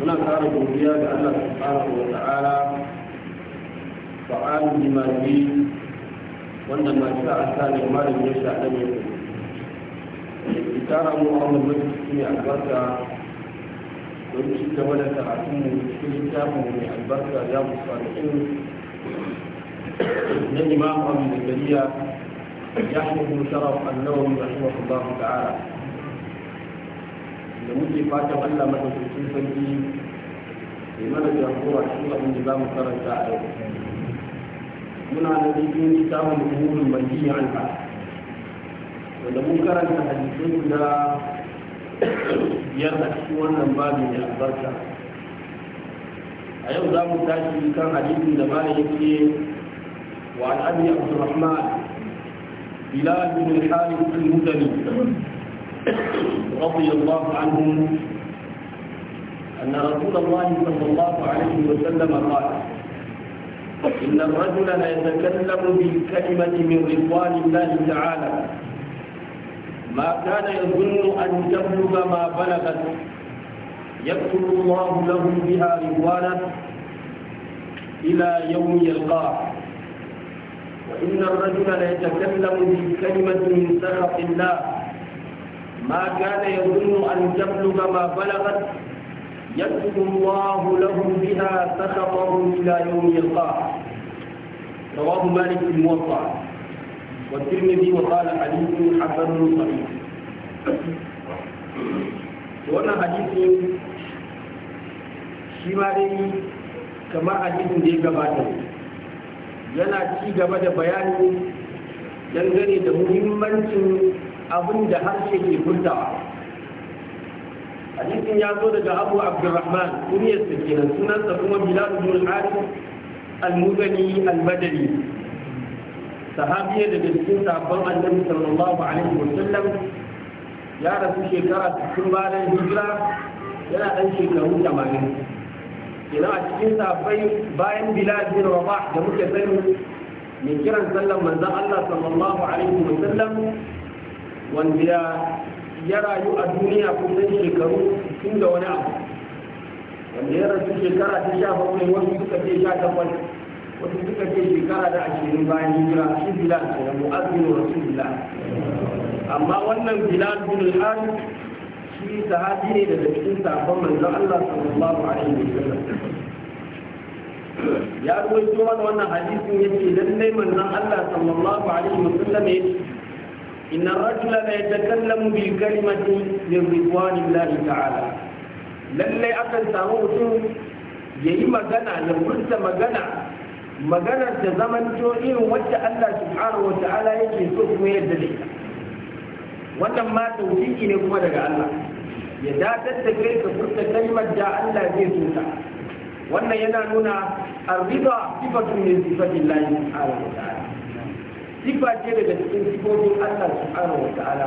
هناك حرج زياده الله سبحانه وتعالى فعال بما يريد وانما شاء سالم ما لم يشاء لم يكن ترى مؤمن مجلس في البركه ويشد ولك عتم كل تامه من البركه يا الصالحين ان الامام ابي زكريا يحمد شرف النووي رحمه الله تعالى da muke fatan Allah madaukakin sarki ya mana jagora shi abin da za mu karanta a yau muna da cikin umurin umurul manhiya anha wanda mun karanta hadisi guda biyar a cikin wannan babu ya albarka a yau za mu tashi kan hadisin da bala yake wa al'abi abdurrahman bilal bin al-harith al-mudani رضي الله عنه أن رسول الله صلى الله عليه وسلم قال إن الرجل ليتكلم بالكلمة من رضوان الله تعالى ما كان يظن أن تبلغ ما بلغت يكتب الله له بها رضوانه إلى يوم يلقاه وإن الرجل ليتكلم بالكلمة من سخط الله ما كان يظن أن تبلغ ما بلغت يكتب الله له بها سخطه إلى يوم يلقاه رواه مالك في الموطأ والترمذي وقال حديث حسن صحيح wannan hadisi shi ma dai kamar hadisin da ya gabata yana ci gaba da bayani dangane da muhimmancin abin da harshe ke furtawa hadisin ya zo daga abu abdurrahman kuniyarsa kenan sunansa kuma bilal ibn al-harith al-muzani al-madani sahabiya daga cikin sahabban annabi sallallahu alaihi wa sallam ya rasu shekara 60 bayan hijira yana dan shekaru 80 kenan a cikin sahabbai bayan bilal bin rabah da muke sani mai kiran sallan manzon Allah sallallahu alaihi wa sallam wanda ya rayu a duniya kusan shekaru tun da wani abu wanda ya rasu shekara ta sha bakwai wasu suka ce sha takwas wasu suka ce shekara da ashirin bayan hijira shi bilal ke da mu'azzin rasulullah amma wannan bilal bin al shi shi sahabi ne daga cikin sahabban manzo Allah sallallahu alaihi wa sallam ya ruwaito mana wannan hadisin yace lallai manzon Allah sallallahu alaihi wa sallam yace إن الرجل لا يتكلم بالكلمة من رضوان الله تعالى lallai akan samu mutum ya yi magana ya furta maganar da zamanto irin wacce Allah subhanahu wa ta'ala yake so kuma yadda na ita wannan ma tawfiki ne kuma daga Allah ya datar da furta kalmar da Allah zai so ta wannan yana nuna arriba sifatun wa sifa ce daga cikin sifofin Allah subhanahu wa ta'ala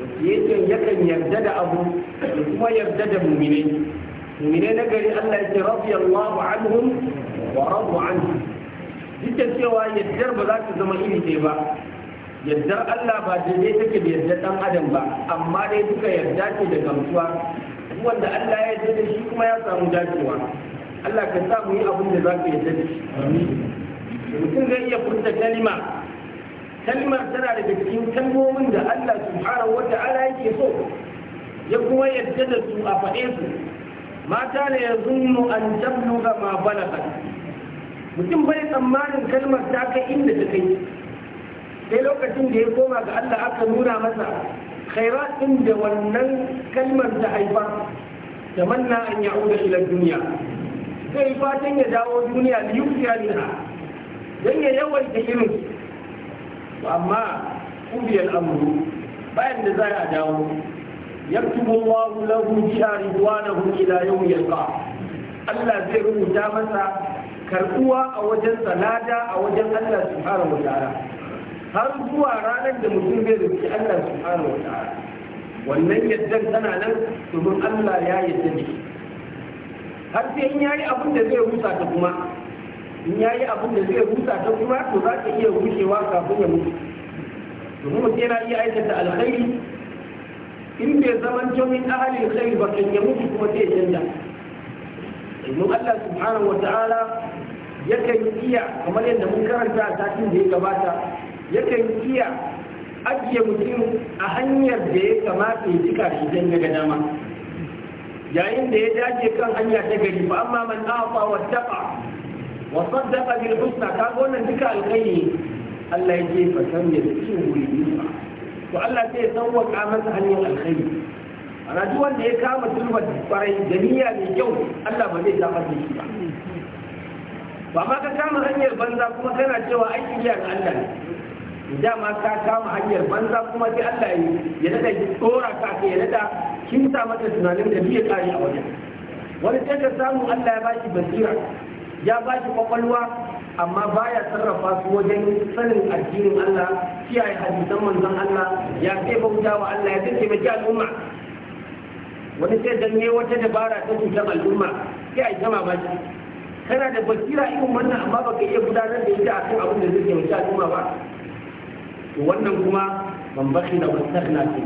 wacce yakan yarda da abu da kuma yarda da muminai muminai na gari Allah ya ce radiyallahu anhum wa radu anhu duk da cewa yaddar ba za ta zama iri ɗaya ba yaddar Allah ba daidai take da yaddar ɗan adam ba amma dai duka yarda ce da gamsuwa wanda Allah ya yarda da shi kuma ya samu dacewa Allah ka sa mu yi abin da za ka yarda da shi mutum zai iya furta kalima kalmar tana daga cikin kalmomin da Allah subhanahu wata'ala yake so ya kuma yadda da su a faɗe su mata ne ya zunnu an tabluga ma balagat mutum bai tsammanin kalmar ta kai inda ta kai sai lokacin da ya koma ga Allah aka nuna masa khairat din da wannan kalmar ta haifa tamanna an ya'uda ila duniya sai fatan ya dawo duniya liyufiya minha dan ya yawaita irin amma kubiyar amru bayan da za a dawo yaktubu Allahu lahu shariwanahu ila ya ba Allah zai rubuta masa karbuwa a wajen salada a wajen Allah subhanahu wa ta'ala har zuwa ranar da mutum zai rubuci Allah subhanahu wa ta'ala wannan yaddan tana nan domin Allah ya yadda ne har sai in yayi abin da zai rusa ta kuma in ya yi abin da zai rusa ta kuma to za ka iya rushewa kafin ya mutu domin mutum yana iya aikata alkhairi in bai zaman jomin ahalin khairi ba kan ya mutu kuma sai ya domin Allah subhanahu wa ta'ala yakan iya kamar yadda mun karanta a satin da ya gabata yakan iya ajiye mutum a hanyar da ya kamata ya cika shi don daga dama yayin da ya dace kan hanya ta gari ba amma man afa wa taqa Wasan saddaqa bil husna ka ga wannan duka alkhairi Allah ya ce fa san ya cikin wuri to Allah sai ya sauwaka masa hanyar alkhairi ana duk wanda ya kama turba kwarai da niyya mai kyau Allah ba zai taɓa shi ba ba ma ka kama hanyar banza kuma kana cewa aikin iya ga Allah ne dama ka kama hanyar banza kuma sai Allah ya daga tsora ka ka ya nada kinta mata tunanin da biya kare a wajen wani sai ka samu Allah ya baki basira ya ba shi kwakwalwa amma baya sarrafa su wajen sanin addinin Allah kiyaye hadisan manzon Allah ya kai bauta wa Allah ya kace mai al'umma wani sai danye wata dabara ta cutar al'umma sai a jama ba shi kana da basira irin wannan amma ba ka iya gudanar da ita akan abin da zai taimaki al'umma ba wannan kuma ban baki da wasakhna ce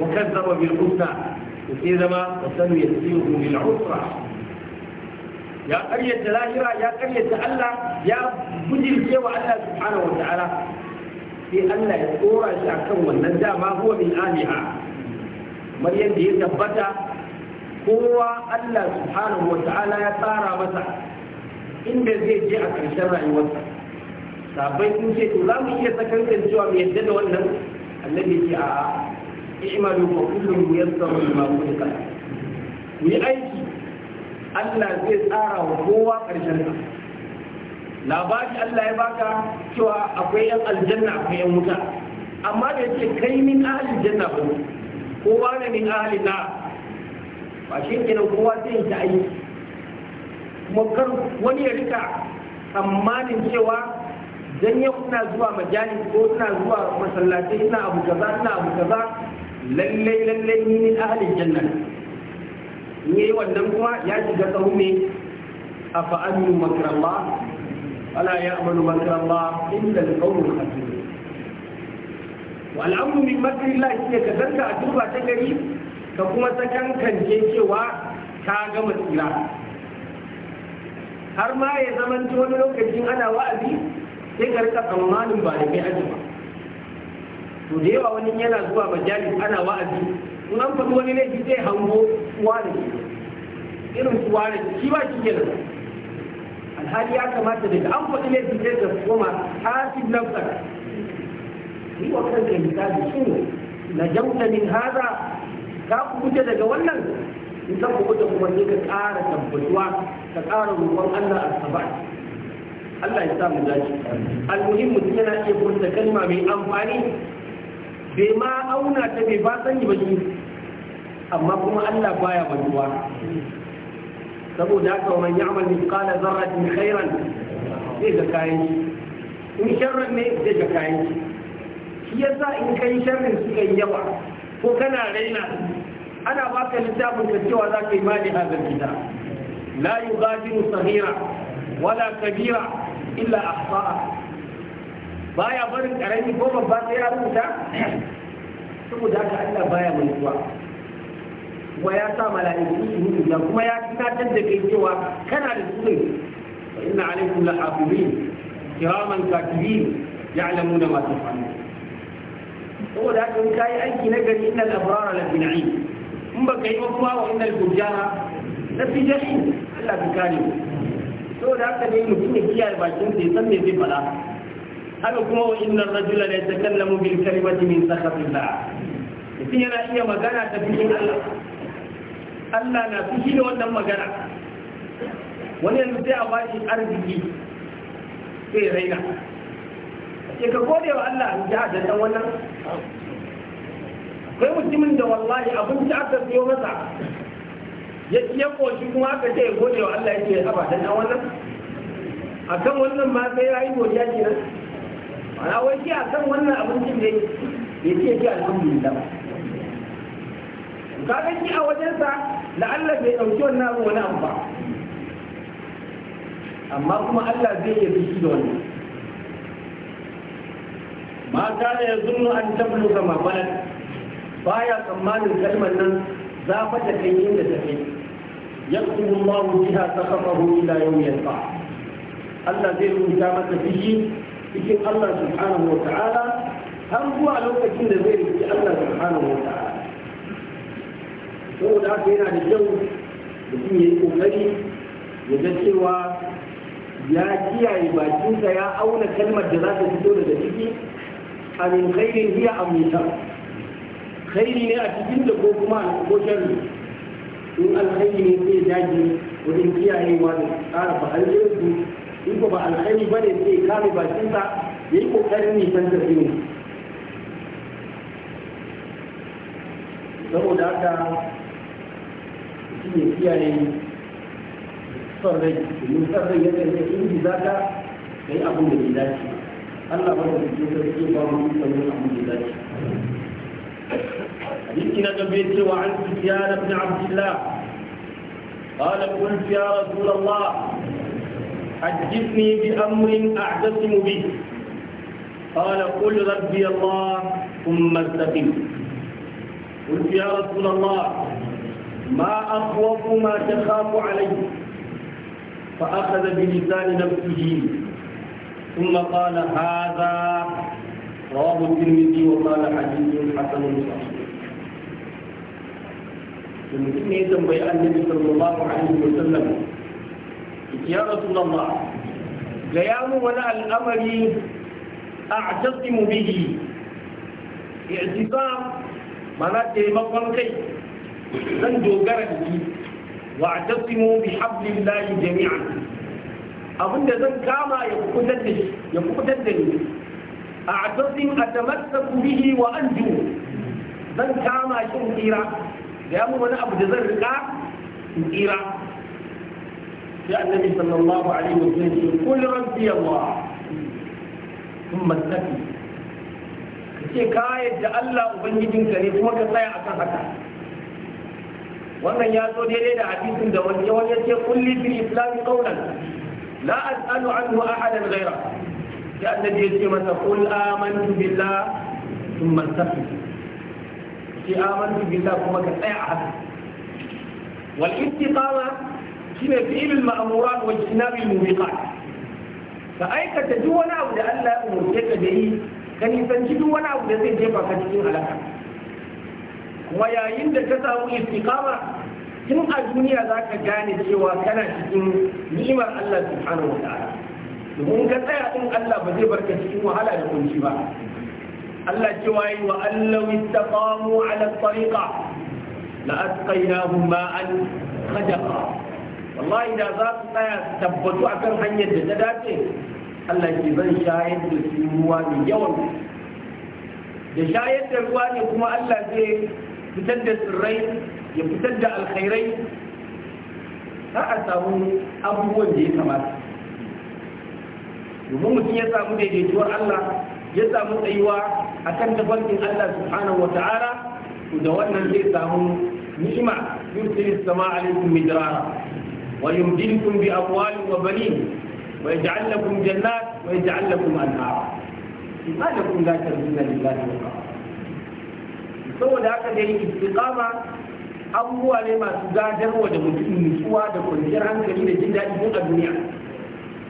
wa kazzaba bil husna sai zama wasanu yasiru bil usra ya karyata lahira ya karyata Allah ya bujirce wa Allah subhanahu wa sai Allah ya tsora shi akan wannan dama ko min aliha kamar yadda ya tabbata kowa Allah subhanahu wa ya tsara masa inda zai je a ƙarshen rayuwarsa sabai sun ce to za mu iya sakankan cewa mu yadda da wannan annabi ce a ishmalu fa kullum yasaru ma kulika ku yi aiki Allah zai tsara wa kowa ƙarshen labari Allah ya baka cewa akwai yan aljanna akwai yan wuta amma da yake kai min ahalin janna ba kowa ne min ahalin na ba shi nan kowa zai yi aiki kuma kar wani ya rika tsammanin cewa dan yau ina zuwa majalis ko ina zuwa masallatai ina abu kaza ina abu kaza lallai lallai ni min ahalin janna ne wannan kuma ya shiga tsaro ne a fa'amu makarallah ala ya amanu makarallah inda alƙawun hajji wal'amu min makarillah shi ne ka zanka a duba ta gari ka kuma sakankance cewa ta gama tsira har ma ya zama wani lokacin ana wa'azi sai ka tsammanin ba da mai aji ba to da yawa wani yana zuwa majalis ana wa'azi sunan an wani laifi zai hango wani irin su wani shi ba shi kenan alhali ya kamata daga an faɗi laifi zai ga koma hasib nafsar yi wa kanka da shi ne na jamta min haza ka kubuta daga wannan in ka kubuta kuma ne ka ƙara tabbatuwa ka ƙara roƙon Allah a sabar Allah ya sa mu dace almuhim mutum yana iya furta kalma mai amfani bai ma auna ta bai ba sanyi ba shi amma kuma Allah baya mantuwa saboda haka wani man ya'mal mithqala dharratin khairan zai ga kayan shi in sharrin ne zai ga kayan shi shi yasa in kai sharrin suka yi yawa ko kana raina ana baka littafin ka cewa za ka yi mali hazar gida la yughadiru sahira wala kabira illa ahsaha baya barin karami ko babba sai ya rubuta saboda haka Allah baya mantuwa wa ya sa mala'iku su da kuma ya tunatar da kai cewa kana da su ne inna alaikum lahafizin kiraman katibin ya'lamuna ma tafalun saboda haka in kayi aiki na gari innal abrara la fi na'im in ba yi ba kuma wa innal fujara la fi jahim Allah ka kare mu saboda haka ne mutum ya kiyaye bakin sa ya san me zai faɗa haka kuma wa innal rajula la yatakallamu bil kalimati min sakhatillah mutum yana iya magana ta cikin Allah Allah na fushi da wannan magana wani yanzu sai a bashi arziki sai raina sai ka gode wa Allah a da hajjantan wannan kai mutumin da wallahi abin da aka biyo masa ya ya koshi kuma aka ce gode wa Allah yake da dan wannan a kan wannan ma sai ya yayi godiya kenan ana wai shi kan wannan abincin da ya ce alhamdulillah ka ganki a wajensa la'alla bai ɗauki wannan abu wani abu ba amma kuma Allah zai yi biki da wani Mata a ya zunnu an tabluga mabalan baya tsammanin kalmar nan za fa ta kai inda ta kai yaktubu Allahu biha da yau yawm yasfa Allah zai rubuta masa biki cikin Allah subhanahu wa ta'ala har zuwa lokacin da zai rubuta Allah subhanahu wa ta'ala saboda haka yana da kyau mutum ya yi kokari ya ga cewa ya kiyaye bakinsa ya auna kalmar da za ta fito daga ciki a min khairin hiya a khairi ne a cikin da ko kuma ko sharri in alkhairi ne sai daji wajen kiyayewa da tsara ba alheri in ba alkhairi ne sai kame bakinsa ya yi kokarin nisan tafiya saboda haka shi ne kiyaye son rai domin son rai yakan yi inji za ka ka yi abin da bai dace Allah ba da jikin sarki ba mu yi sanin abin da ya dace حديث نبي سوى عن سفيان بن عبد الله قال قلت يا رسول الله حدثني بأمر أعتصم به قال قل ربي الله ثم استقم قلت يا رسول الله ما أخوف ما تخاف عليه فأخذ بلسان نفسه ثم قال هذا رواه الترمذي وقال حديث حسن صحيح المسلم يتم إيه بيان النبي صلى الله عليه وسلم يا رسول الله قيام ولا الامر اعتصم به اعتصام معناته مقام كيف zan dogara da shi wa atasimu bi hablillahi jami'an abinda zan kama ya kubutar da shi ya kubutar da ni a'tasim atamassaku bihi wa anju zan kama shi in tsira da ya wani abu da zan rika in tsira sai annabi sallallahu alaihi wa sallam ya kul rabbi allah thumma tafi kace ka yadda Allah ubangijinka ne kuma ka tsaya akan haka wannan ya zo daidai da hadisin da wani yawan ya ce kulli fi islami qawlan la as'alu anhu ahadan ghaira ya annabi ya ce masa qul amantu billah thumma istaqim ki amantu billah kuma ka tsaya a haka wal istiqama shine fi'il ma'murat wa ijtinab al mubiqat ka aikata duk wani abu da Allah ya umurce ka da yi ka nisanci duk wani abu da zai jefa ka cikin halaka wa yayin da ta samu istiqama tun a duniya za ka gane cewa kana cikin ni'imar Allah subhanahu wa ta'ala domin ka tsaya din Allah ba zai barka cikin wahala da kunci ba Allah cewa yi wa allahu istaqamu ala tariqa la asqaynahum ma'an khadaqa wallahi da za su tsaya tabbatu akan hanyar da ta dace Allah ke zan shayar da su ruwa mai yawan da shayar da ruwa ne kuma Allah zai السرين سرين يبتدى الخيرين سأسه أبو وجهي كمات يبوم سيسا مدهي جوار الله يسا مدهيوا أكن تفلتن الله سبحانه وتعالى ودوانا سيسا هم نشمع يرسل السماء عليكم مدرارا ويمدلكم بأموال وبنين ويجعل لكم جنات ويجعل لكم أنهارا لماذا لكم لا ترزين لله وقعه saboda haka dai istiqama abubuwa ne masu gadarwa da mutum nutsuwa da kwanciyar hankali da jin daɗi a duniya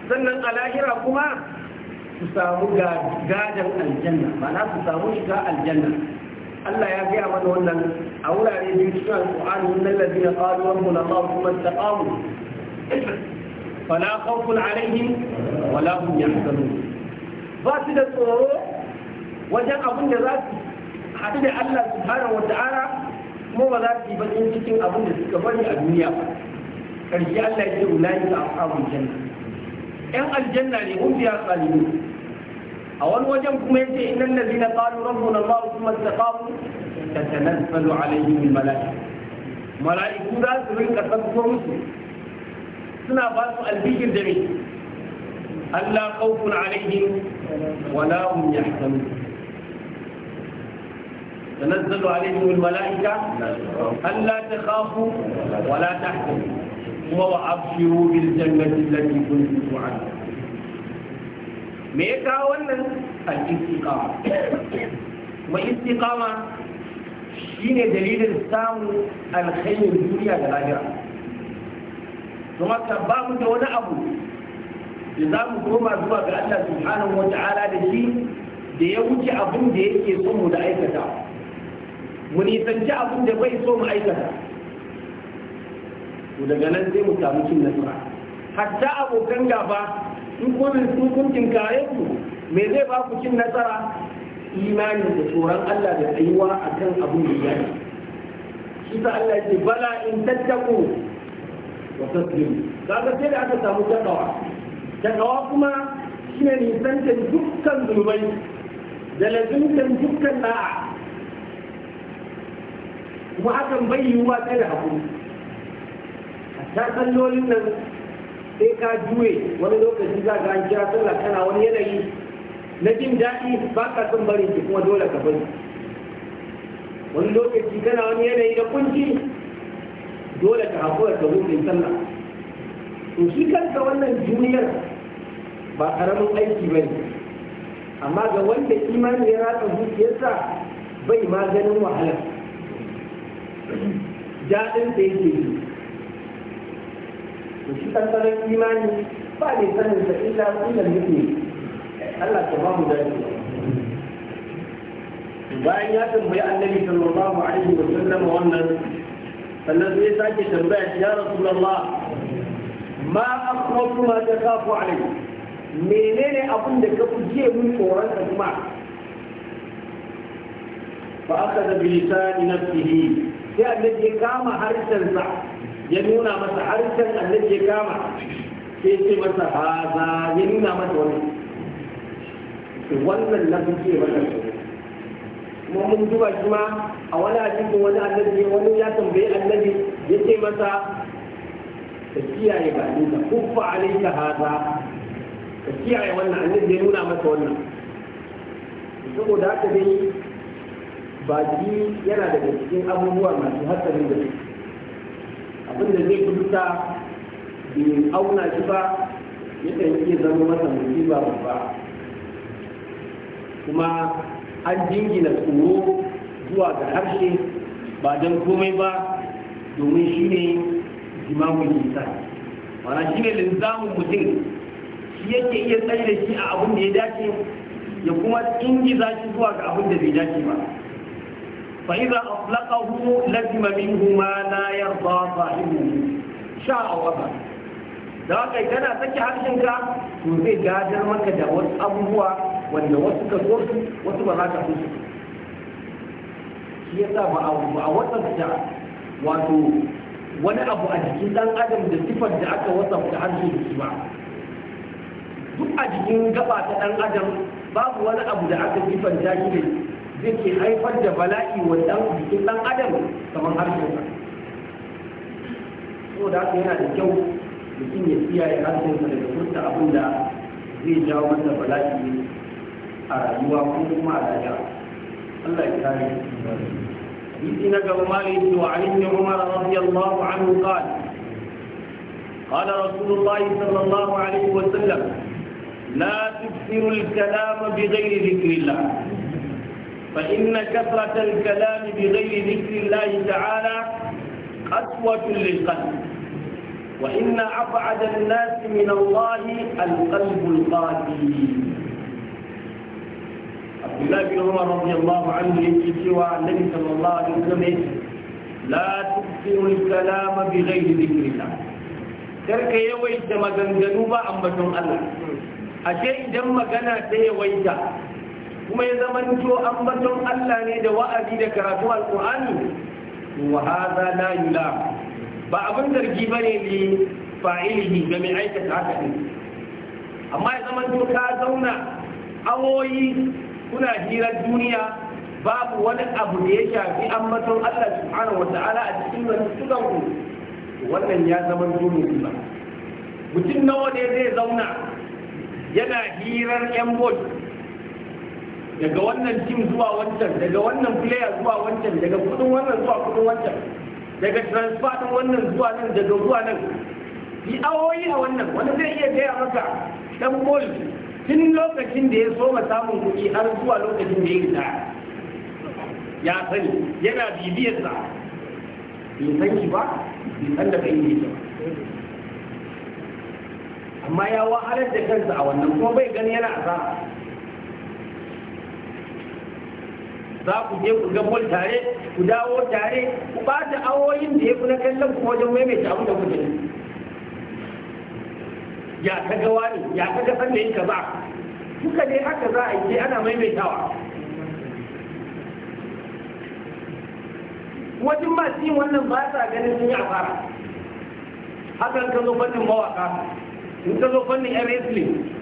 sannan a lahira kuma su samu gadan aljanna ma'ana su samu shiga aljanna Allah ya gaya mana wannan a wurare biyu cikin alƙur'ani na ladina qalu rabbuna Allah kuma taqamu fala khawfun alaihim wala yi yahzanun ba su da tsoro wajen abin da za su haɗu da Allah subhanahu wata'ala kuma ba za su yi bakin cikin abin da suka bari a duniya ba karshe Allah ya ce ulai ka ashabul janna yan aljanna ne hum fiha khalidun a wani wajen kuma yace innal ladina qalu rabbuna Allah thumma istaqamu tatanazzalu alaihim al malaika mala'iku za su rinka sabko musu suna ba su albikir da me Allah khawfun alaihim wala hum yahzanun تنزل عليهم الملائكة ألا تخافوا ولا تحزنوا وأبشروا بالجنة التي كنتم توعدون me ya kawo wannan al'istiƙama kuma istiƙama shi ne dalilin samun alkhairin duniya da lahira kuma ka ba mu da wani abu da za mu koma zuwa ga Allah subhanahu wa ta'ala da shi da ya wuce abin da yake so mu da aikata mu nisanci abin da bai so mu aikata to daga nan zai mu samu cin nasara hatta abokan gaba in kunin su kun tinkare ku me zai ba ku cin nasara imani da tsoron Allah da tsayuwa akan abin da ya yi shi ta Allah ce bala in tattaku wa tasbiru kaga sai da aka samu takawa takawa kuma shine nisantar dukkan zunubai da lazimtar dukkan da'a kuma akan bai yiwuwa tsaye da hakuri ta sallolin nan sai ka juye wani lokaci za ka an kira sallah kana wani yanayi na jin daɗi ba ka son barin ki kuma dole ka bari wani lokaci kana wani yanayi na kunci dole ka haƙura ka zo sallah to shi kanka wannan duniyar ba ƙaramin aiki ba ne amma ga wanda imanin ya rasa zuciyarsa bai maganin wahalar jaɗin da yake yi to shi tsantsanin imani ba ne sanin sa illa illan yake Allah ta ba mu dace bayan ya tambayi annabi sallallahu alaihi wa sallam wannan sannan sai sake tambaya ya rasulullah ma akwatu ma ta kafu alaihi menene abin da ka fiye mun tsoron ka kuma fa aka da bilisani nafsihi sai annabi ya kama harshensa ya nuna masa harshen annabi ya kama sai ce masa haza ya nuna masa wani wannan na fice masa kuma mun duba shi ma a wani hadisin wani annabi wani ya tambayi annabi ya ce masa ka kiyaye ba ni ka kuffa alaika haza ka kiyaye wannan annabi ya nuna masa wannan saboda haka dai baki yana daga cikin abubuwa masu hatsarin da abin da zai kuduta bai auna shi ba yakan iya zama masa ba babba kuma an jingina tsoro zuwa ga harshe ba don komai ba domin shi ne jimamun nisa mana shi ne linzamin mutum shi yake iya tsaye da shi a abin da ya dace ya kuma ingiza shi zuwa ga abin da bai dace ba فإذا أطلقه لزم منه ما لا يرضى صاحبه شاء وأبى da haka kana saki harshenka to zai gadar maka da wasu abubuwa wanda wasu ka so su wasu ba za ka so su shi yasa ba a da wato wani abu a jikin dan adam da sifar da aka wasanta harshe da shi ba duk a jikin gaba ta dan adam babu wani abu da aka da shi da zai ke haifar da bala'i wa dan jikin dan adam kamar harshen so da haka yana da kyau mutum ya kiyaye harshensa daga da abin da zai jawo masa bala'i a rayuwa ko kuma a rayuwa Allah ya kare حديث نجم مالك wa ابن عمر Umar radiyallahu anhu قال قال رسول الله صلى الله عليه وسلم لا تكثروا الكلام بغير ذكر الله فإن كثرة الكلام بغير ذكر الله تعالى قسوة للقلب وإن أبعد الناس من الله القلب القاسي عبد الله بن عمر رضي الله عنه يجتوى النبي صلى الله عليه وسلم لا تكثر الكلام بغير ذكر الله ترك يويت maganganu ba ambaton Allah ashe idan magana ta yawaita kuma ya zamanto ambaton Allah ne da wa'azi da karatu alƙur'ani wa hadha la ba abin zargi ba ne ne fa'ilihi ga mai aikata haka ne amma ya nito ka zauna awoyi kuna hirar duniya babu wani abu da ya shafi ambaton Allah subhanahu wa ta'ala a cikin zantukan ku wannan ya zama ne ba mutum nawa ne zai zauna yana hirar yan bot daga wannan team zuwa wancan daga wannan player zuwa wancan daga kudin wannan zuwa kudin wancan daga transfer din wannan zuwa nan daga zuwa nan yi awoyi a wannan wani zai iya gaya maka dan bol tun lokacin da ya soma samun kuɗi har zuwa lokacin da ya isa ya sani yana bibiyar sa bai san shi ba bai san da kai ne ba amma ya wahalar da kansa a wannan kuma bai gani yana asara za ku je ku ga bol tare ku dawo tare ku bata awoyin da ya fi na kallon ku wajen maimaita abin da kuke ya ta gawa ne ya ka ga da yin kaza duka dai haka za a yi sai ana maimaitawa wajen masu yin wannan ba sa ganin sun yi asara hakan ka zo fannin mawaka in ka zo fannin yan wrestling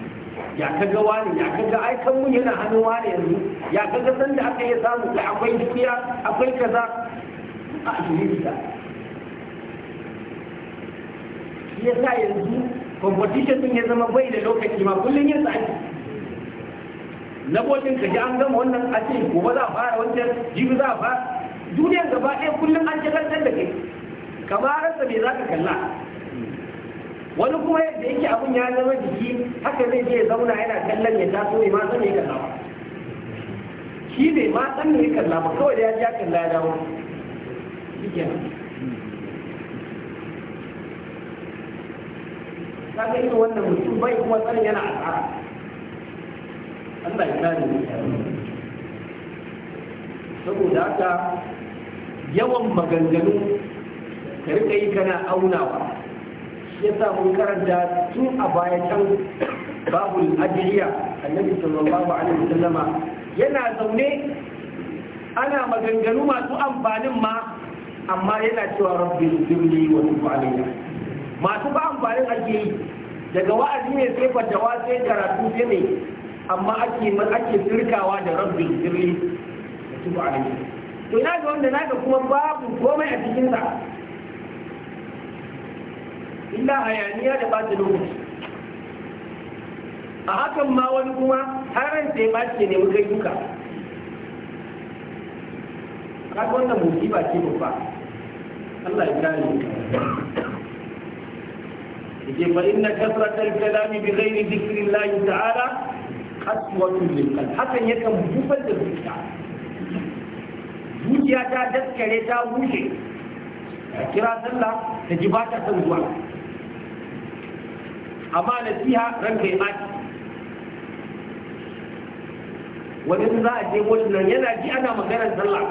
ya kaga wani ya kaga ai kan mun yana hannu wani yanzu ya kaga san da aka yi samu da akwai dukiya akwai kaza a ashirin da ya yasa yanzu competition din ya zama bai da lokaci ma kullun yin tsaki na ka kaji an gama wannan a ce gobe za a fara wancan jibi za a fara duniyar gaba ɗaya kullum an shagaltar da kai kamar sa me za ka kalla wani kuma yadda yake abun ya zama jiki haka zai je ya zauna yana kallon ya taso ya ma san ya kalla ba shi ne ma san ya kalla ba kawai da ya ja kalla ya dawo Ta ga irin wannan mutum bai kuma sanin yana asara Allah ya kare mu saboda haka yawan maganganu ka rika yi kana aunawa ya samu karanta tun a baya can babul ajiriya annabi sallallahu alaihi wasallama yana zaune ana maganganu masu amfanin ma amma yana cewa rabbi zirni wa tubu masu ba amfanin ake yi daga wa'azi ne sai fatawa sai karatu sai ne amma ake ake sirkawa da rabbi zirni wa tubu to ina ga wanda na ga kuma babu komai a cikin sa illa hayaniya da ɓata lokaci a hakan ma wani kuma harin sai ba ne nemi kai duka kaga wannan ba ce babba Allah ya kare yake fa inna kasratal kalami bi ghairi dhikrillahi ta'ala qaswatun lil qalb hakan yakan bufar da zuciya zuciya ta daskare ta bushe a kira sallah ta ji ba ta san zuwa amma nasiha ranka ya ɓaci wani za a je wasu nan yana ji ana maganar sallah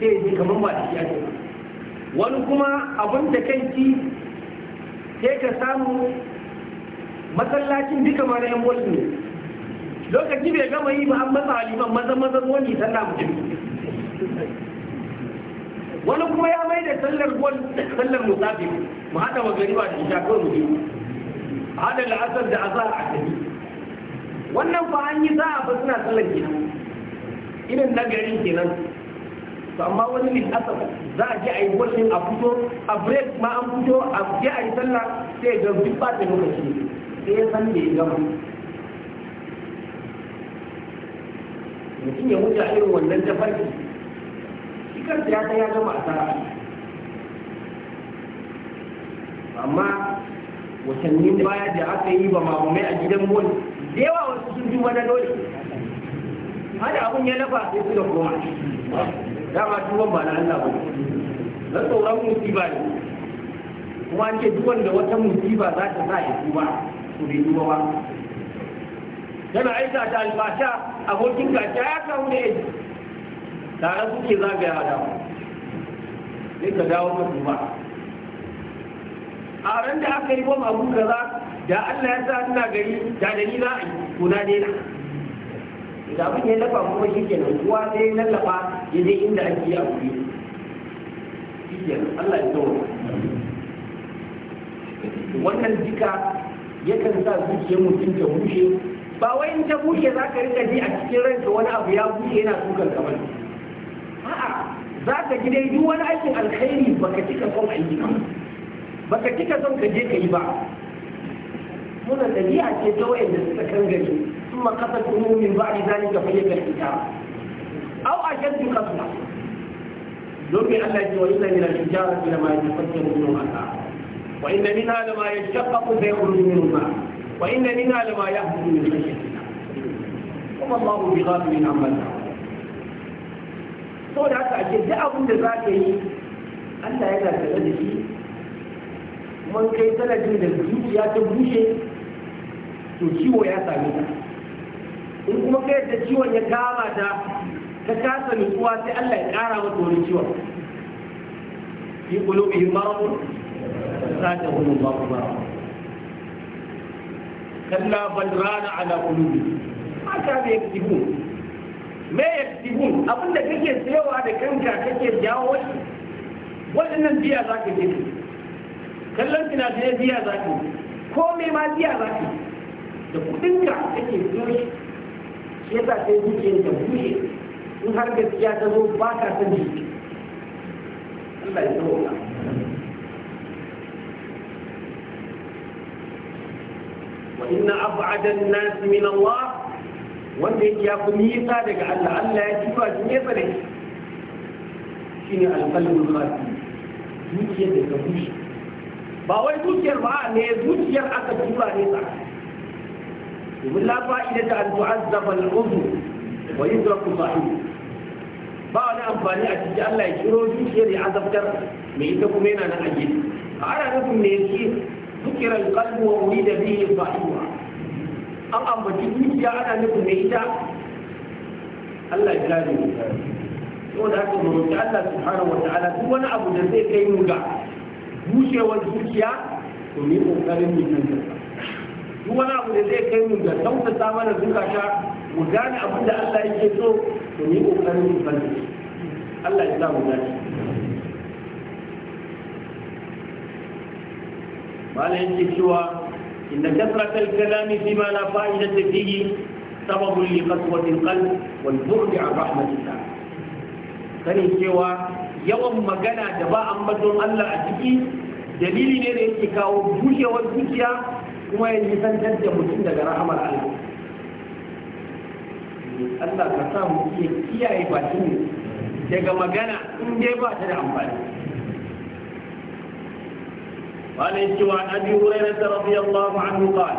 sai ya ji kamar ba da shi ake wani kuma abin da kanki sai ka samu masallacin duka ma na yan wasu ne lokaci bai gama yi ba an matsa haliman maza maza wani sallah mutum wani kuma ya mai da sallar gwal sallar musafir mu hada wa gariba da isha kawai mutum hada asar da azar a gari wannan fa an yi za a fa suna tsallar gida irin na gari kenan to amma wani asar za a je a yi wallin a fito a break ma an fito a je a yi sallah sai ga duk ba ta lokaci sai ya san da ya gama mutum ya wuce a irin wannan tafarki shi ya ta ya gama asara amma watannin baya da aka yi ba mamame a gidan mol da yawa wasu sun duba na dole hada abun ya lafa sai su da koma dama tuwon ba na Allah ba na tsoron musiba ne kuma an ce duk da wata musiba za ta sa ya ba, to bai duba ba tana aika ta albasha abokin gasha ya kawo da yaji tare suke zagaya da ne ka dawo ka duba a ran da aka yi wa abu gaza, da Allah ya sa ina gari da dani na yi ko na daina da abin ya lafa kuma shi kenan kuwa sai na lafa ya je inda ake yi a wuri shi kenan Allah ya tsoro wannan jika yakan sa zuciyar mutum ta bushe ba wai in ta bushe za ka rika ji a cikin ranka wani abu ya bushe yana ka kamar a'a za ka ji dai duk wani aikin alkhairi baka cika son aiki ba baka cika son ka je ka yi ba muna dabi'a ce ta wayanda suka kan gari sun makasar kuma ba a zani ka fayyakar ita au a shaddu kasuwa domin Allah ya ce wa inna min al ila ma yatafakkaru min Allah wa inna minha lama yashaqqaqu fa yakhruju min Allah wa inna minha lama yahdu min khashyatillah kuma Allah bi ghafilin amma ta'malun da haka ake duk abin da za ka yi Allah yana tare da shi kuma kai sanadin da zuciya ta bushe to ciwo ya same ta in kuma kai yadda ciwon ya kama ta ta kasa nutsuwa sai Allah ya kara mata wani ciwon fi qulubihim maradun zadahum Allahu marad kalla bal rana ala qulubihim haka ne yaktibun me yaktibun abinda kake sayowa da kanka kake jawo wani waɗannan biya za ka je kallon finafinai biya za ki ko mai ma biya za ki da kudinka kake biyo shi ya sa sai zuciyar ta bushe in har gaskiya ta zo ba ka san shi Allah ya tsawo wa inna ab'ada an-nas min Allah wanda yake ya fi nisa daga Allah Allah ya ci ba shi nesa da shi shine al-qalbul khafi zuciyar da ta ba wai zuciyar ba ne zuciyar aka tura ne ba domin la fa'ida ta an tu'azzaba al-udhu wa kuma sahibi ba wani amfani a cikin Allah ya kiro zuciyar ya azabtar mai ita kuma yana nan aje a ana nufin me yake zukira al-qalbu da urida bihi sahiba an ambaci zuciya ana nufin mai ita Allah ya kare mu saboda haka mu roki Allah subhanahu wa ta'ala duk wani abu da zai kai mu ga bushewar zuciya to mu yi ƙoƙarin mu canza duk wani abu da zai kai mu ga tausasa mana zukata mu gane abin da Allah yake so to mu yi ƙoƙarin mu canza Allah ya sa mu dace malam yake cewa inna kasratal kalami fi ma la fa'idata fihi sababun li qaswati al-qalb wal bu'd 'an rahmatillah sani cewa yawan magana da ba ambaton Allah a ciki dalili ne da yake kawo bushewar zuciya kuma ya nisantar da mutum daga rahamar Allah Allah ka sa mu iya kiyaye bakin daga magana in dai ba ta da amfani قال عن ابي هريره رضي الله عنه قال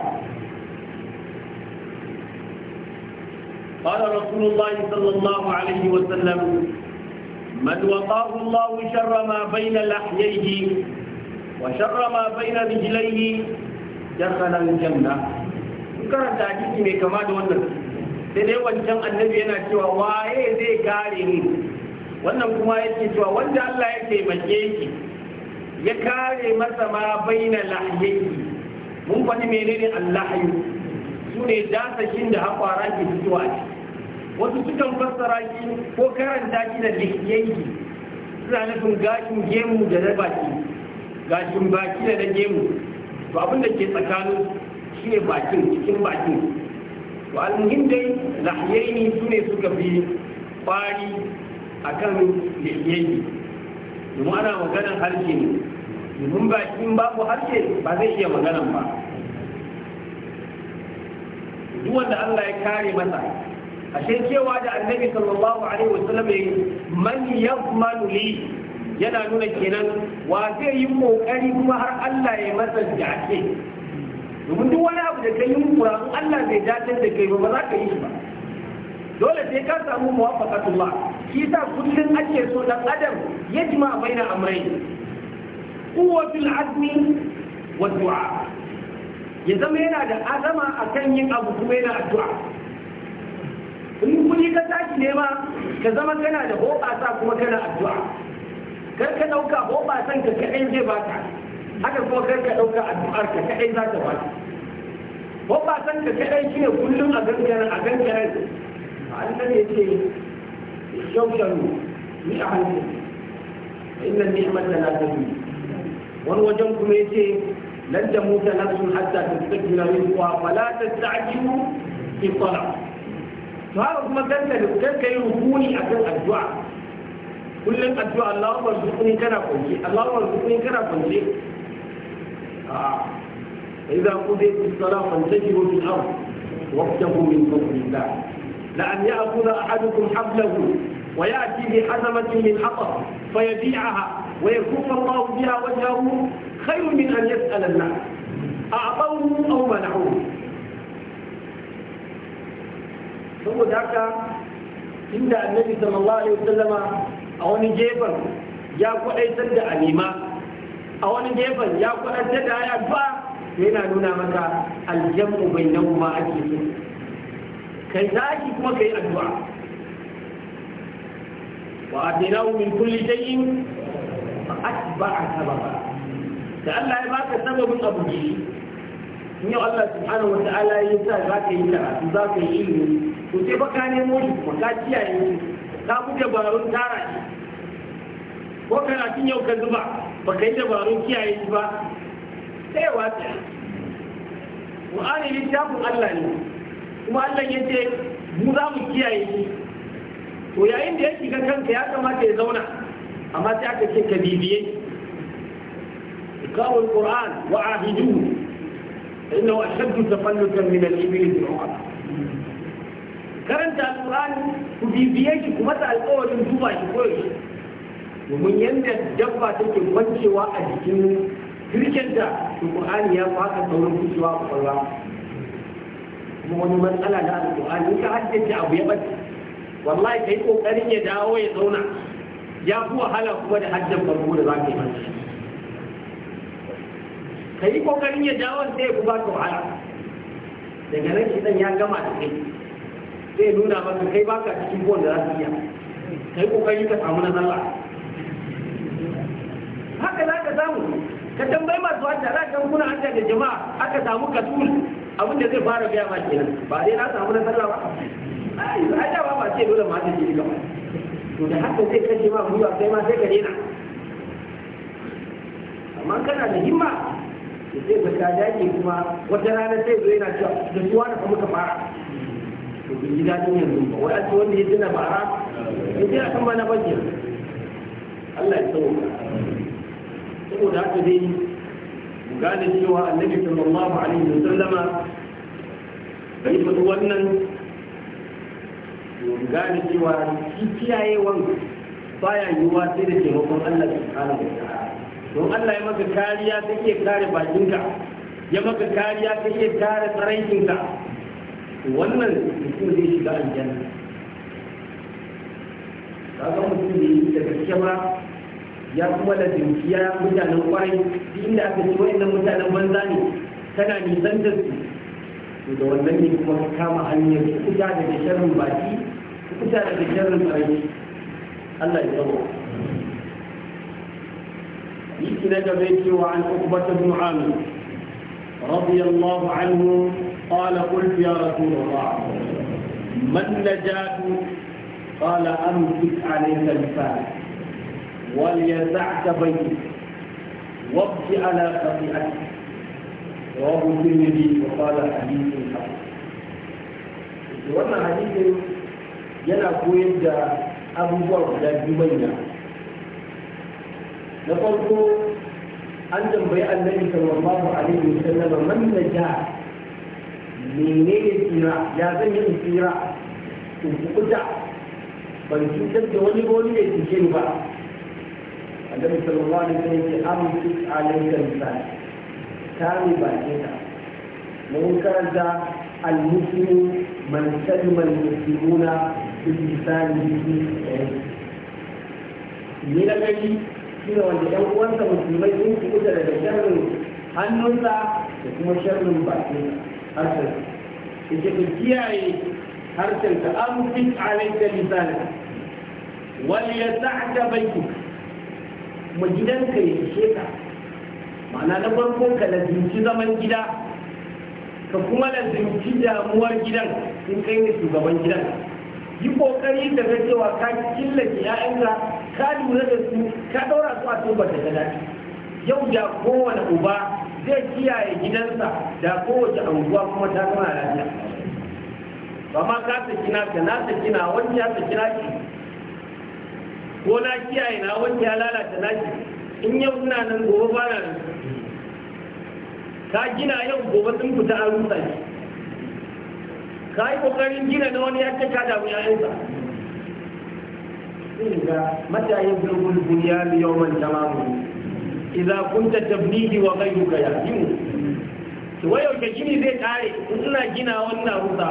قال رسول الله صلى الله عليه وسلم من وقاه الله شر ما بين لحييه وشر ما بين رجليه دخل الجنة karanta hadisi mai kama da wannan sai dai wancan annabi yana cewa waye zai kare ni wannan kuma yake cewa wanda Allah ya taimake ki ya kare masa ma baina lahyayki mun faɗi menene Allah allahyu su ne dasashin da haƙwara ke fitowa ce wasu sukan fassara shi ko karanta shi da likiyayi suna nufin gashin gemu da na baki gashin baki da na gemu to abin da ke tsakanin shi ne bakin cikin bakin to almuhim dai lahiyayi su ne suka fi kwari a kan likiyayi domin ana maganar harshe ne domin bakin babu harshe ba zai iya maganar ba duk wanda Allah ya kare masa ashe cewa da annabi sallallahu alaihi wasallam yayi man yadmanu li yana nuna kenan wa zai yi kokari kuma har Allah ya masa jace domin duk wani abu da kai yin kura in Allah bai jace da kai ba ba za ka yi shi ba dole sai ka samu muwafaqatullah shi yasa kullun ake so dan adam ya jima baina amrai quwwatul azmi wa du'a ya zama yana da azama akan yin abu kuma yana addu'a in kuni ka tashi ma ka zama kana da hoɓasa kuma kana addu'a kar ka ɗauka hoɓasan ka kaɗai zai baka haka kuma kar ka ɗauka addu'ar ka kaɗai za ta baka hoɓasan ka kaɗai shi ne kullum a gangaren a gangaren Allah ya ce shausharu ni a hankali inna ni'mat la tadri wani wajen kuma yace lan tamuta nafsun hatta tastakbira wa fala tastajibu fi talab to ما كان kanka كان kanka yi rukuni akan addu'a kullum addu'a Allahumma rzuqni kana kunce Allahumma rzuqni kana قضيت الصلاة فانتشروا في الأرض وابتغوا من فضل الله لأن يأخذ أحدكم حبله ويأتي بحزمة من حطب فيبيعها ويكف الله بها وجهه خير من أن يسأل الناس أعطوه أو منعوه saboda haka inda annabi sallallahu alaihi wasallama a wani gefen ya kwadaitar da alima a wani gefen ya kwadaitar da ayan fa yana nuna maka aljamu bainahu ma ake so kai zaki kuma kai addu'a wa atinahu min kulli shay'in fa atba'a sababa da Allah ya baka sababin abu in Allah subhanahu wa ta'ala ya sa za ka yi karatu za ka yi ilimi ko sai baka ka nemo shi kuma ka kiyaye shi ka ku dabarun tara shi ko karatun yau ka zuba baka yi dabarun kiyaye shi ba sai wata Qur'ani littafin Allah ne kuma Allah ya ce mu za mu kiyaye shi to yayin da ya shiga kanka ya kamata ya zauna amma sai aka ce ka bibiye kawo alquran wa ahiduhu فإنه أشد تفلتا من الإبل في العقبة karanta alƙur'ani ku bibiye shi ku masa alƙawarin duba shi ko yaushe domin yadda dabba take kwancewa a jikin kirkinta to ƙur'ani ya faka saurin kucewa a ƙwaƙwalwa kuma wani matsala na alƙur'ani ka haddace abu ya ɓace wallahi kai ƙoƙarin ya dawo ya zauna ya fi wahala kuma da haddan farko da za ka yi masa ka yi kokarin ya dawo sai ku ba ku wahala daga nan shi dan ya gama da kai zai nuna maka kai baka cikin da za su iya ka yi kokari ka samu na sallah haka za ka samu ka tambayi masu hajja za ka kuna hajja da jama'a aka samu katul abin da zai fara biya ma kenan ba dai na samu na ba ai za da ba ba ce dole ma ta ji gaba to da haka zai kashe ma gwiwa kai ma sai ka daina amma kana da himma da sai ga ta dage kuma wata rana sai zo yana cewa da suwa da kuma ka fara to bin ji dadin yanzu ba wai a wanda ya tuna fara? in ji akan bana banki Allah ya tsawo saboda haka dai mu gane cewa annabi sallallahu alaihi wa sallama bai faɗi wannan mu gane cewa shi kiyayewan baya yiwuwa sai da taimakon Allah subhanahu wa ta'ala don Allah ya maka kariya ta iya kare bakinka ya maka kariya ta iya kare tsaraikinka wannan mutum zai shiga aljanna ga mutum da da gaske ba ya kuma da dinkiya mutanen kwarai inda aka ci wa'annan mutanen banza ne tana nisan da su da wannan ne kuma ka kama hanyar kuta da sharrin baki kuta da sharrin tsaraiki Allah ya tsawo يسند بيتي وعن عقبة بن عامر رضي الله عنه قال قلت يا رسول الله من نجاة قال أمسك عليك لسانك وليزعت بيتك وابكي على خطيئتك رواه الترمذي وقال حديث حسن wannan حديث yana koyar أبو بكر بن biyu na farko an tambayi annabi sallallahu alaihi wasallam man naja menene tsira ya zan yi tsira in kuɓuta ban cutar da wani wani ne cuce ni ba annabi sallallahu alaihi wasallam ya amsu alaika misali kame bakin ka mun karanta al-muslimu man salima al-muslimuna ni na shi wanda ɗan uwansa musulmai sun ci kusa daga sharrin hannunsa da kuma sharrin bakin harshen ita ka kiyaye harshen ka amfik alaika misali Wani ya sa'ata baiki kuma gidanka ya ishe ka ma'ana na farko ka lazimci zaman gida ka kuma lazimci damuwar gidan in kai ne shugaban gidan yi kokari ka cewa ka killace 'ya'yanka ka lura da su ka ɗora su a tubar da daɗi yau da kowane uba zai kiyaye gidansa da kowace anguwa kuma ta zama lafiya ba ma ka saki naka na saki na wani ya saki naki ko na kiyaye na wani ya lalata naki in yau ina nan gobe ba na nan ka gina yau gobe sun fita a rusa shi ka yi kokarin gina na wani ya cika da mu yayansa inda mata yi bulbul duniya mai yawon tamamu idan kun ta tabbidi wa kai duka ya yi to wai yauke gini zai kare in suna gina wannan ruta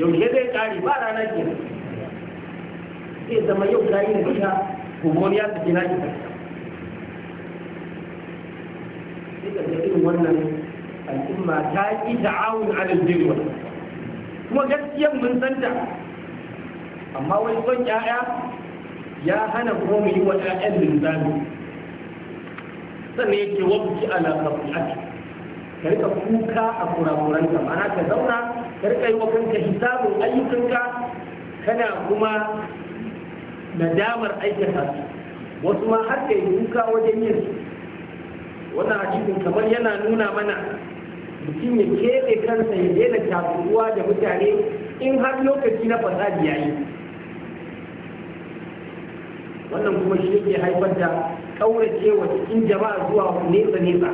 yauke zai kare ba rana ke zai zama yau ta yi duka kumoriya su gina ki ta sai ka ga irin wannan al'umma ta yi ta'awun alal jirwa kuma gaskiyan mun santa amma wani son ƴaƴa ya hana kuma mu yi wa ƴaƴan linzami sannan yake wabci ala qati'ati ka rika kuka a kurakuranka ma'ana ka zauna ka rika yi wa kanka hisabin ayyukanka kana kuma nadamar aikata su wasu ma har kai kuka wajen yin su wannan hadisin kamar yana nuna mana mutum ya keɓe kansa ya daina takuruwa da mutane in har lokaci na fasadi ya yi wannan kuma shi yake haifar da kaurace wa cikin jama'a zuwa nesa nesa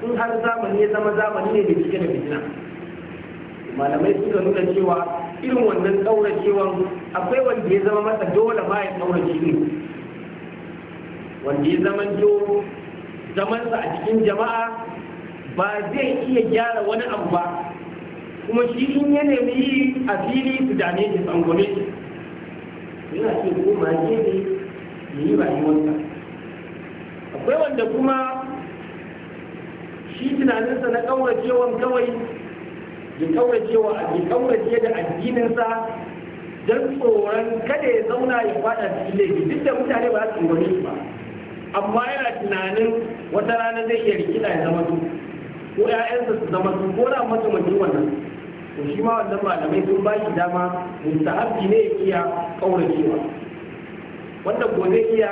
sun har zamani ya zama zamani ne da cike da fitina malamai suka nuna cewa irin wannan kauracewan akwai wanda ya zama masa dole ma ya kaurace ne wanda ya zama zamansa a cikin jama'a ba zai iya gyara wani abu ba kuma shi in ya nemi a fili su dame shi tsangwame yana ce koma ne ya yi rayuwarsa akwai wanda kuma shi tunaninsa na ƙauracewan kawai ya a ya da addininsa don tsoron kada ya zauna ya fada cikin laifi duk da mutane ba su gani ba amma yana tunanin wata rana zai iya rikida ya zama su ko 'ya'yansa su zama su ko na masa mutum wannan to shi ma wannan malamai sun ba shi dama mustahabbi ne ya iya kauracewa wannan ko zai iya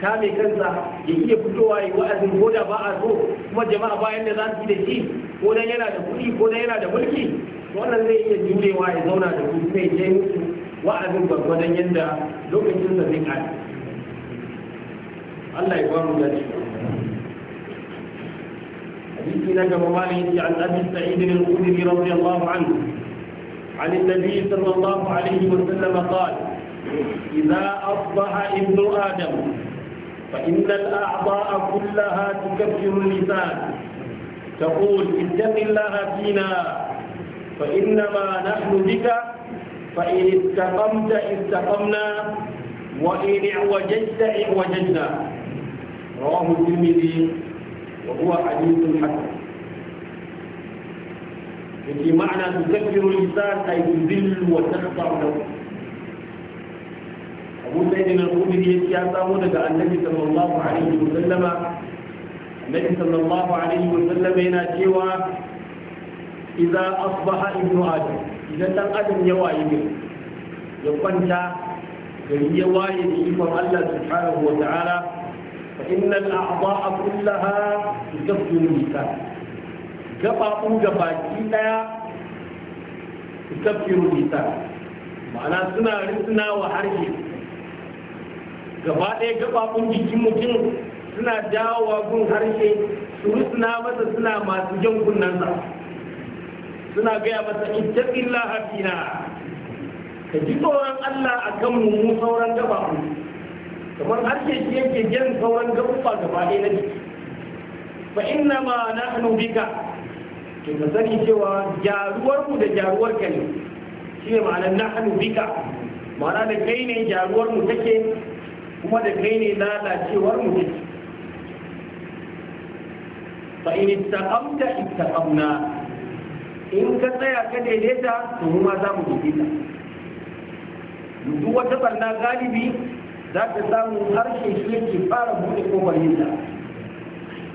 kame kansa ya iya fitowa ya wa'azin ko da ba a so kuma jama'a bayan da za su yi da shi ko dan yana da kuɗi ko dan yana da mulki wannan zai iya jurewa ya zauna da su sai ya yi wa'azin gwargwadon yadda lokacin da zai kare Allah ya ba mu dace حديث لك مالك عن أبي سعيد الخدري رضي الله عنه عن النبي صلى الله عليه وسلم قال إذا أصبح ابن آدم فإن الأعضاء كلها تكفر اللسان تقول اتق الله فينا فإنما نحن بك فإن استقمت استقمنا وإن اعوججت اعوججنا رواه الترمذي وهو حديث حسن في معنى تكبر اللسان أي تذل وتخضع له أبو سيدنا الخدري يتياسى مدة النبي صلى الله عليه وسلم النبي صلى الله عليه وسلم هنا سوى إذا أصبح ابن آدم إذا لم أدم يواي به يقنت gari ya waye da ikon Allah subhanahu wa ta'ala فإن الأعضاء كلها تبدو اللسان جبع جباكينا تكفر اللسان معنى سنا رسنا وحرجه gaba ɗaya gaɓaɓun jikin mutum suna dawowa gun harshe su rusuna masa suna masu jan kunnansa suna gaya masa ittaqillah fina ka ji tsoron Allah a kan mu sauran gaɓaɓun kamar ke shi yake jan sauran gabuwa gaba ɗaya na jiki fa inna ma hannu bika to ka sani cewa jaruwar mu da jaruwar ka ne shi ne na hannu bika ma'ana da kai ne jaruwar mu take kuma da kai ne lalacewar mu take fa in istaqamta istaqamna in ka tsaya ka daidaita to mu ma za mu daidaita duk wata barna galibi za ka samu harshe shi ke fara buɗe kofar yinta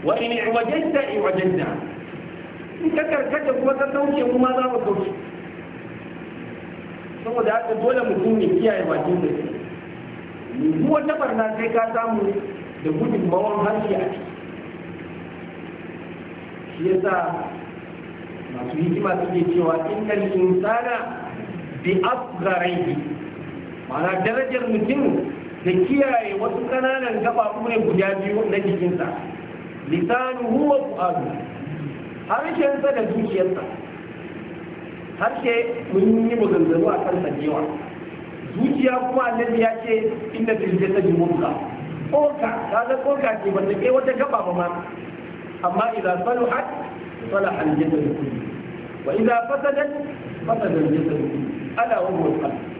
wa in iwajenta iwajenta eh, in ka karkata kuma ka sauke kuma za mu sauke saboda haka dole mutum ya kiyaye bakin da mu wata barna sai ka samu da gudun bawon harshe a ciki shi sa masu hikima suke cewa in kan insana bi afgarai ma'ana darajar mutum da kiyaye wasu kananan gaba kuma guda biyu na jikinsa lisanu huwa fu'adu harshensa da zuciyarsa harshe mun yi maganganu a kan sajewa zuciya kuma annabi ya ce inda tiljata jimunka koka ta ga koka ce ba ta kai wata gaba ba ma amma idan salu صلح الجسد كله wa idan فسد الجسد كله ala wa القلب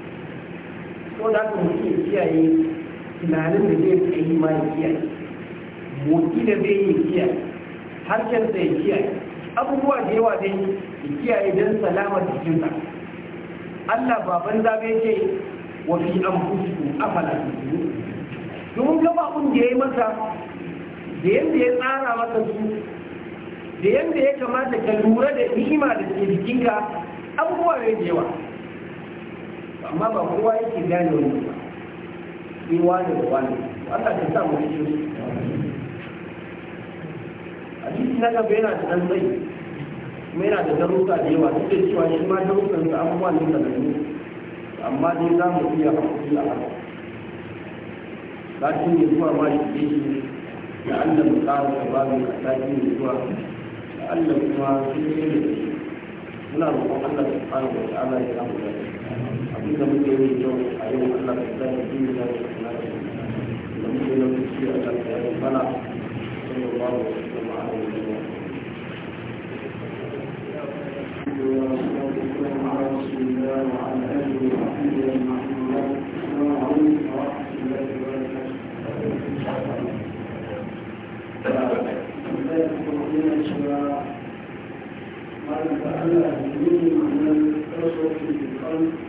da haka mutum ya kiyaye tunanin da zai yi ma ya kiyaye motsi da zai yi kiyaye harshen da ya kiyaye abubuwa da yawa dai ya kiyaye don salamar jikinsa Allah baban zabe ce wa fi anfusikum afala tusirun domin gaba abun da yayi masa da yadda ya tsara masa su da yadda ya kamata ka lura da ni'ima da ke jikinka abubuwa da yawa amma ba kowa yake gane wani ni wani da wani Allah ta sa a cikin na gaba yana da ɗan tsayi kuma yana da daruka da yawa duk da cewa shi ma darussan sa abubuwa ne da gani amma dai za mu iya hakuri a haka lakin ne zuwa ma shi ne da Allah mu ƙara da ba mu lakin ne zuwa da Allah kuma shi ne da shi muna roƙon Allah subhanahu wa ta'ala ya samu lafiya تفسير da muke yi yau a yau Allah ya sa mu yi da da muke yi tafsir Allah ya yi mana sallallahu alaihi wa sallam على رسول الله وعلى آله وصحبه أجمعين السلام عليكم ورحمة الله وبركاته فأنا من من الرسل في القلب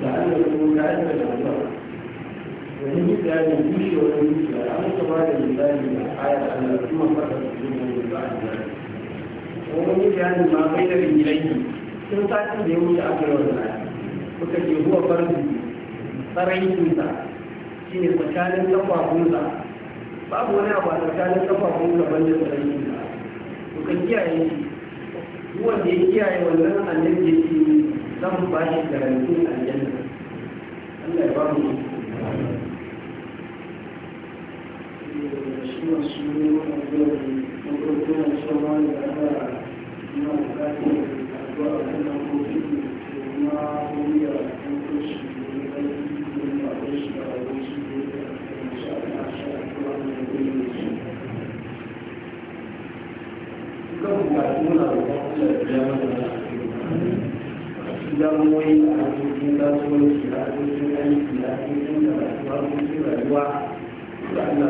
لعله كأن الأمر وإن كان يمشي ويمشي أما كما الإنسان من الحياة أن ثم فتح الدنيا من بعد ذلك ومن كان ما بين رجليه sun sati da ya wuce aka yi wannan aya kuka ce huwa farzi tsaraikinsa shi ne tsakanin kafafunsa babu wani abu a tsakanin kafafunsa banda tsaraikinsa kuka kiyaye shi wanda ya kiyaye wannan annabi ya ce لهم باقي كلامتين الجنة الله يبارك شنو شنو نقول نقول كنا ان شاء الله على ما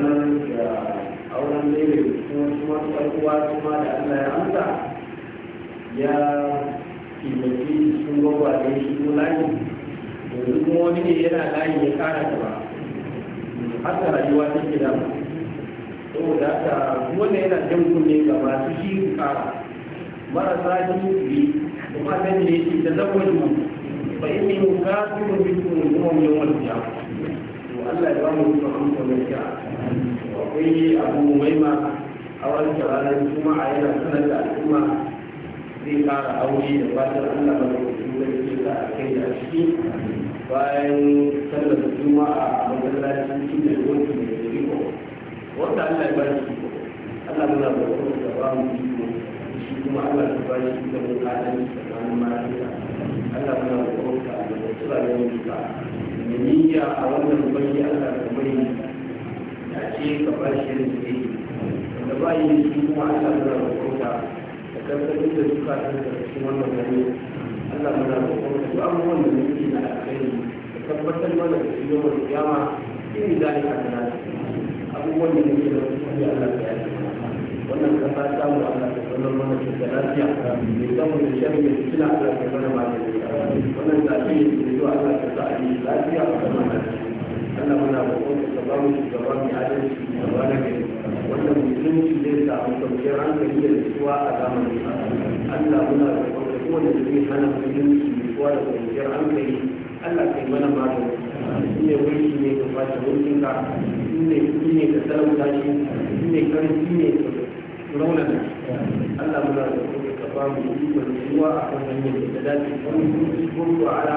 sannan da auren lele kuma kuma tsarkuwa kuma da allah ya amsa ya kimaki sun gwagwa da shi ko layi yanzu kuma wani ne yana layi ya kara gaba haka rayuwa take da mu saboda haka wanda yana jan kunne ga masu shi kara marasa jini kuma kan ne shi ta zawon mu fa inni kafirun bikum yawmal qiyamah to Allah ya ba mu rufa amsa mai akwai abu maima a wani wancan ranar a yana sanar da al'umma zai fara aure da fatan allah ba da ke da a kai da shi bayan sallar juma a masallacin cikin da wani da riko wanda allah ya ba shi allah muna da wani da ba mu iko shi kuma allah ya ba shi da mu kadan allah muna da wani da ba mu iko da niyya a wannan bayyana allah da bayyana sai ka ba shi da ke da ba yi shi kuma Allah muna roƙonka da karfafin da suka da Allah abubuwan da na alkhairi da tabbatar mana da shi yawan kiyama irin zalika da nasu abubuwan da da Allah ya yi wannan kasa ta mu Allah ta mana da lafiya mai samu da shan Allah ta mana da wannan da zuwa Allah ta sa a yi lafiya Allah muna roƙon ka ba mu shugaba mai adalci da wani gari wanda musulunci zai samu kwanciyar hankali da nutsuwa a zamanin Allah muna roƙon ka kowane zai hana musulunci nutsuwa da kwanciyar hankali Allah kai mana magani in ne wani ne ka fashe wani ka in ne ka talauta shi in ne karfi ne ka raunana Allah muna roƙon ka ba mu ikon nutsuwa a kan hanyar da dace kuma kuma ala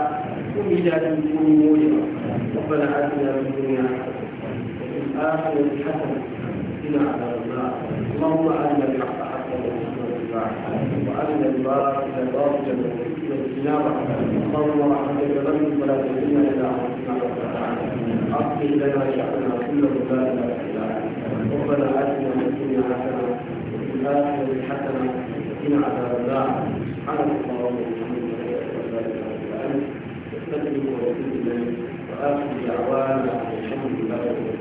kuma idanun kuma mojewa ربنا آتنا في الدنيا حسنة وفي الآخرة حسنة وقنا عذاب النار اللهم أرنا الحق حقا وارزقنا اتباعه وأرنا الباطل باطلا وارزقنا الاجتناب اللهم رحمتك غني فلا تكلنا إلى أنفسنا أصلح لنا شأننا كله لا إله إلا أنت ربنا آتنا في الدنيا حسنة وفي الآخرة حسنة وقنا عذاب النار سبحانك اللهم وبحمدك أشهد أن لا إله إلا أنت أستغفرك وأتوب إليك آخر دعوانا الحمد لله